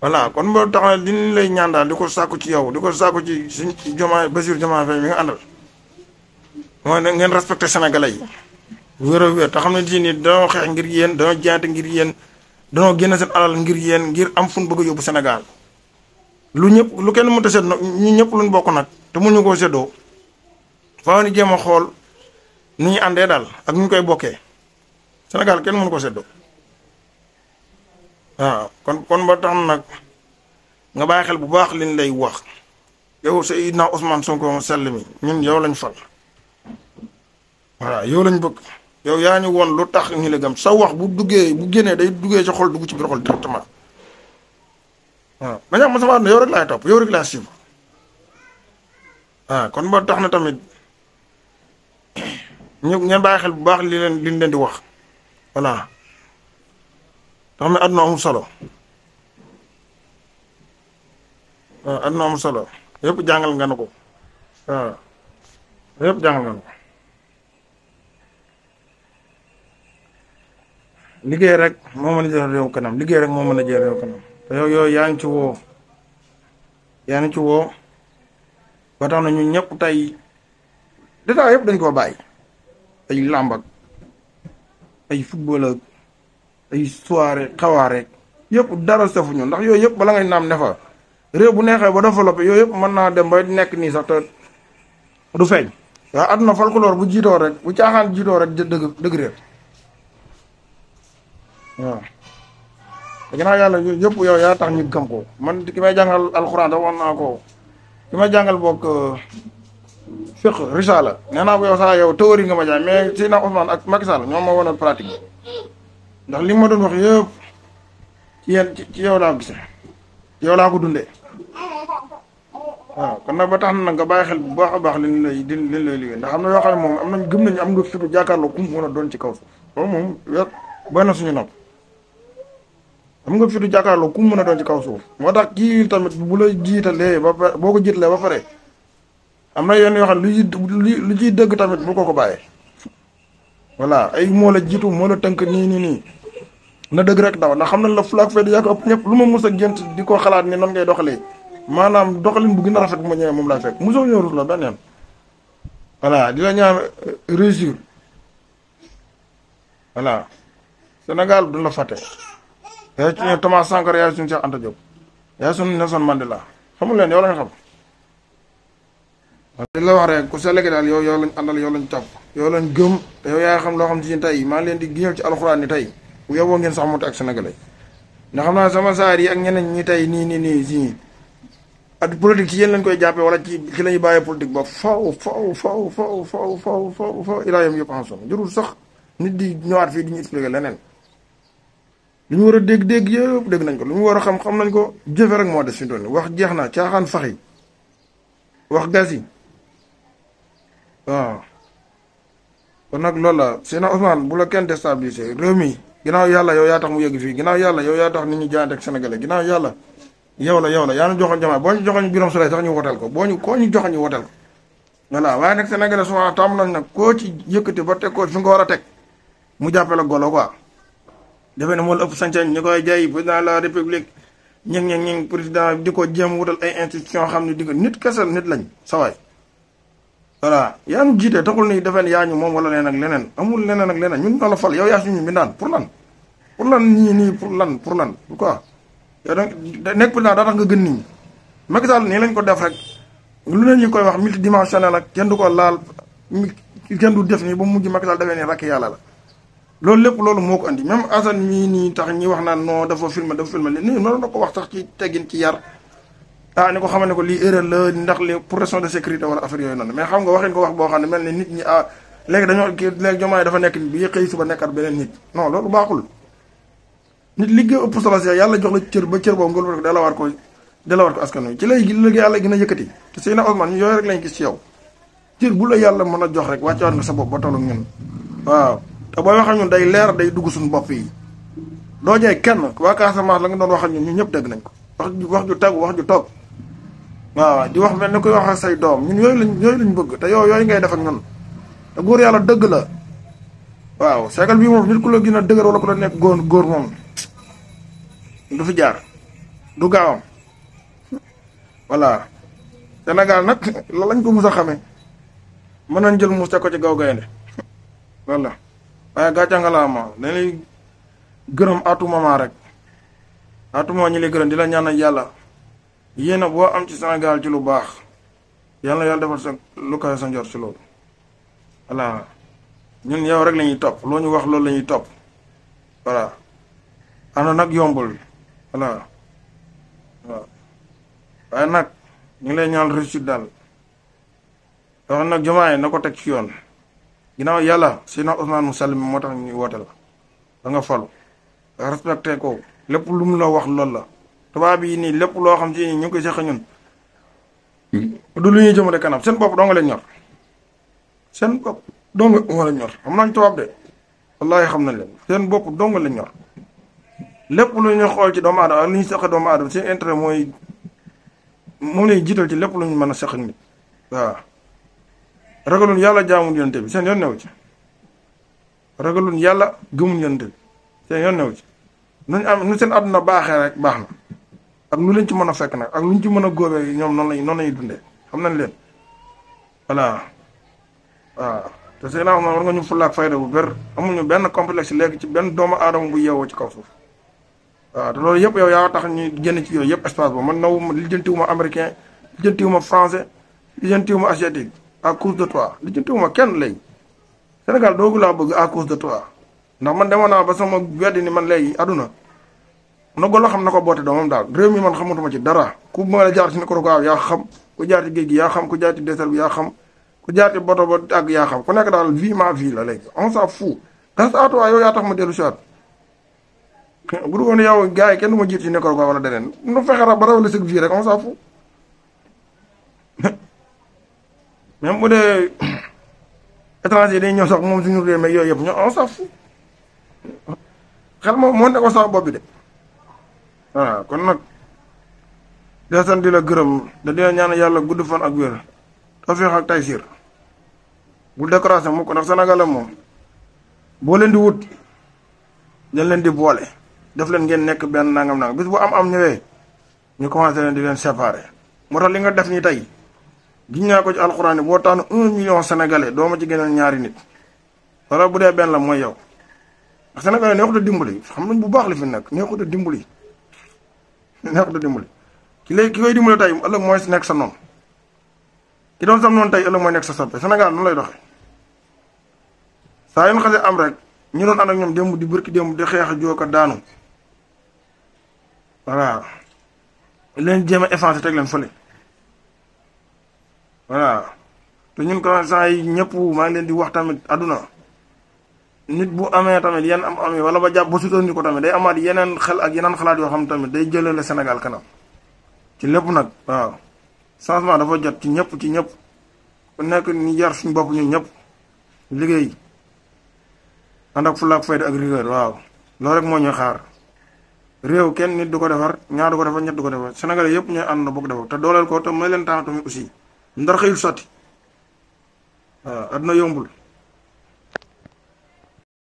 voilà kon boo tax na lay ñaan daal di ko sàkku ci yow di ko sàkku ci suñ Diomaye Bassirou Diomaye Faye mi nga àndal ngeen respecté senegal yi wér wér te xam ne di ni dañoo xeex ngir yéen dañoo jaante ngir yéen dañoo génna seen alal ngir yéen ngir am fu bëgg a yóbbu senegal lu ñëpp lu kenn mënut a seddoo ñu ñëpp luñ bokk nag te mënuñu koo seddoo faaw ni jéem a xool ni ñu àndee daal ak ñu koy bokkee Sénégal kenn mënu ko seddoo kon kon ba tax nag nga bàyyi xel bu baax liñ lay wax yow Seydina Ousmane Sonko mu sell mi ñun yow lañ fal voilà yow lañ bëgg yow yaa ñu woon lu tax ñu la gëm sa wax bu duggee bu génnee day duggee ci xol dugg ci biir xol directement waaw ma ñax ma sama ne yow rek laay topp yow rek laa suivre ah, kon ba tax na tamit ñu ngeen bàyyi xel bu baax li leen liñ leen di wax voilà nga xam ne àdduna solo waaw àdduna solo yëpp jàngal nga na ko waaw yëpp jàngal nga na liggéey rek moo mën a jël réew kanam liggéey rek moo mën a yooyu yaa ngi ci woo yaa ngi ci woo ba tax ñun ñëpp tey détail yëpp dañ koo bàyyi ay làmb ay football ay soirée xawaare yëpp dara safuñu ndax yooyu yëpp bala ngay naam ne fa réew bu neexee ba développé yooyu yëpp mën naa dem ba nekk nii sax te du feeñ. waaw àdduna folklore bu jiitoo rek bu caaxaan jiitoo rek dëgg dëgg réer waaw. te ginnaaw yàlla yooyu yëpp yow yaa tax ñu gëm ko ki may jàngal alxuraan da woon naa ko ki may jàngal boog euh, fiqh risala nee naa ko yow a yow théorie nga ma jaay mais si na Ousmane ak Macky Sall ñoom ma woon pratique. ndax li ma doon wax yëpp ci yéen ci yow laa ko gise yow laa ko dundee waaw kon nag ba tax na nga bàyyi xel bu baax a baax li lay di ndax am na yoo xam ne moom am nañ gëm nañu am nga fitu jàkkaarloo ku doon ci kaw suuf loolu ba na suñu nopp am nga fitu jàkkaarloo ku mu mën a doon ci kaw suuf moo tax kii tamit bu jiitalee boo ko jiitalee ba pare am na yenn yoo xam ne lu lu ciy dëgg tamit bu ko ko bàyyee voilà ay moo la jiitu moo la tënk nii nii nii na dëgg rek daw ndax xam na la fulaak fay yaa ko ëpp ñëpp lu ma mus a gént di ko xalaat ni noonu ngay doxalee maanaam doxalin bu gën a rafet bu ma ñëwee moom laay fekk mosoo ñëw rus la benn yoon voilà di la ñaan euh, réussir voilà Sénégal du la fàtte yaay suñu Thomas Sankara yaay suñu Cheikh Anta Diop yaay suñu Nelson Mandela xamul leen yow lañ xam li la wax rek ku sa ko daal yow yow lañ àndal yow lañ tàpp yow lañ gëm te yow xam loo xam ci tey maa leen di giñal ci alxuraan ni tey bu yoboo ngeen sax mu ak sénégalais ndax xam naa sama saar yi ak ñeneen ñi tey nii nii nii si at politique ci yéen lañ koy jàppee wala ci ci la ñuy bàyyee politique ba faw faw faw faw faw faw faw faw ilaayam yëpp en son jërul sax nit di ñëwaat fii di ñu expliquer leneen lu ñu war a dégg-dégg yëpp dégg nañ ko lu ñu war a xam xam nañ ko jëfe rek moo des fi doon wax jeex na caaxaan fax yi wax gas yi waaw kon nag loolu la Seydina Ousmane bu la kenn déstabilisé réew mi ginnaaw yàlla yow yaa tax mu yegg fii ginnaaw yàlla yow yaa tax nit ñu jaayante ak sénégalais ginnaaw yàlla yow la yow la yaa ñu joxoon jamaa boo ñu joxoon birom soleil sax ñu woteel ko boo ñu koo ñu joxoon ñu woteel ko voilà waaye nag sénégalais souvent tàmm nañ nag koo ci yëkkati ba teg ko fi nga war a teg mu jàppee la golo quoi defe ne moo la ëpp sañ-sañ ñu koy jay président de la république ñëng ñëng ñëng président di ko jéem wutal ay institution xam ne di ko nit kese nit lañ sawaay voilà yaa ñu jiite taxul ni defen yaa ñu moom wala leneen ak leneen amul leneen ak leneen ñun ñoo la fal yow yaa suñu mbindaan pour lan pour lan ñii nii pour lan pour lan pourquoi yow da nekk président daa tax nga gën nit ñi Macky nii lañ ko def rek lu ne ñu koy wax multidimensionnel ak kenn du ko laal kenn du def nii ba mujj Macky Sall defee ni rakk yàlla la loolu lépp loolu moo ko andi même Assane mii nii tax ñi wax naan non dafa filmé dafa filmé nii noonu la ko wax sax ci teggin ci yar ah ko xamal ne ko li pour raison de sécurité wala affaire yooyu noonu ne mel ni nit ñi ah léegi dañoo kii léegi jomaay dafa nekk nit bi xëy suba nekkaat beneen nit non loolu baaxul nit liggéey ëpp solo si yàlla jox la cër ba cër boobu nga ko dalawaat ko dalawaat ko askan wi ci a yëkkati te Seydina Ousmane yooyu rek lañ gis ci yow a jox rek wàccewaat nga sa bopp ba tollu ñun waaw te booy wax day leer day dugg suñu bopp yi doo jee kenn waa Casamance la nga doon wax ñu ñun ñun ñëpp dégg nañ ko wax ju wax ju tegu wax ju toog waaw di wax mel ni koy wax a say doom ñun yooyu lañ lañ bëgg te yow yooyu ngay def ak ñun te góor yàlla dëgg la waaw seegal bi moom nit ku la gën a dëgër ku la nekk góor góor moom du fi jaar du gaawam voilà senegal nag la lañ ko mus a xamee mën nañ jël muus teg ko ci gaw gaynde voilà waaye gàcce nga laa ma dañuy gërëm à moment rek à ñi moment gërëm di la ñaanal yàlla yéena boo am ci Sénégal ci lu baax yàlla yàlla defal sa lu kawe sa njor ci loolu voilà ñun yow rek lañuy topp loo ñu wax loolu la topp voilà ano nag yombul voilà waaw waaye nag ñu ngi lay ñaan réussite daal wax nag jomaay na ko teg ci yoon ginnaaw yàlla si na Ousmane mu sell mi moo tax ñuy woote la da falu respecté ko lépp lu mu la wax loolu la tubaab yi nii lépp loo xam ci ñu ngi koy seq ñun hmm. du lu ñuy jëmale kanam seen bopp doo nga leen ñor seen bopp doo nga ñor xam nañ tubaab de wallaahi xam na leen seen bopp doo nga leen ñor lépp lu ñu xool ci doomu aadama ñu seq doomu aadama seen intérêt mooy moom lay jiital ci lépp lu ñu mën a seq nit waaw ragalun yàlla jaamul yonte bi seen yoon newu ci ragalun yàlla gëmul yonte bi seen yoon newu ci nuñ am nu seen àdduna baaxee rek baax na ak nu leen ci mën a fekk nag ak nu ñu ci mën a góobee ñoom noonu lañ noonu lañuy dundee xam nañ leen voilà waaw te seen am na war nga ñu fullaak fayda bu bér amuñu benn complexe léegi ci benn doomu aadama bu yeewoo ci kaw suuf waaw te loolu yëpp yow yaa tax ñu génn ci yooyu yëpp espace boobu man nawuma lijjantiwuma américain lijjantiwuma français lijjantiwuma asiatique à cause de toi lijjantiwuma kenn léegi Sénégal doogu laa bëgg à cause de toi ndax man demoon naa ba sama weddi ni man léegi aduna na golo xam na ko boote doomam daal réew mi man xamatuma ci dara ku ma la jaar ci micro ko yaa xam ku jaar ci géej yaa xam ku jaar ci désert ba ak yaa xam ku nekk daal vie ma vie la léegi on s'en fout grâce à toi yow yaa tax ma dellu si waat bu dul woon yi kenn du ma jiit ci micro ko wala deneen nu fexe ra ba raw la sëg vie rek on s'en fout même bu dee étranger day ñëw sax moom suñu réew mi yooyu yëpp ñu on s'en fout xel moom moo ne sa sax bopp voilà ah, kon nag dee sant di la gërëm da dina ñaan yàlla gudd fan ak wér tawfeex ak taysiir bul décoration mukk ndax Sénégal moom boo leen di wut dañ leen di boole def leen ngeen nekk benn nangam nangam bis bu am am ñëwee ñu commencé leen di leen séparé moo tax li nga def nii tey giñ naa ko ci alxuraan boo tànn un million sénégalais doo ma ci gënal ñaari nit wala bu dee benn la mooy yow ndax sénégalais neexut a xam nañ bu baax la fi nekk neexut a dimbali neex da ki léegi ki koy dimbali tey ëllëg mooy nekk sa noonu ki doon sam noonu tey ëllëg mooy nekk sa soppe senegal noonu lay doxee saa yu xasee am rek ñu doon ànd ak ñoom démb di bërki démb di xeex jooka daanu voilà leen jéem a effacé teg leen fële voilà te ñun ko saa yi ñëpp maa ngi leen di wax tamit àdduna nit bu amee tamit yan am amee wala ba jàpp ba sutoon ko tamit day amaat yeneen xel ak yeneen xalaat yoo xam tamit day jëlale Sénégal kanam ci lépp nag waaw changement dafa jot ci ñëpp ci ñëpp ku nekk ñu jar suñ bopp ñun ñëpp liggéey ànd ak fulla ak fayda ak waaw loolu rek moo ñuy xaar réew kenn nit du ko defar ñaar du ko defar ko defar Sénégal yëpp ñooy ànd bokk defar te dooleel ko te may leen temps tamit aussi ndar xëyul sotti waaw adduna yombul.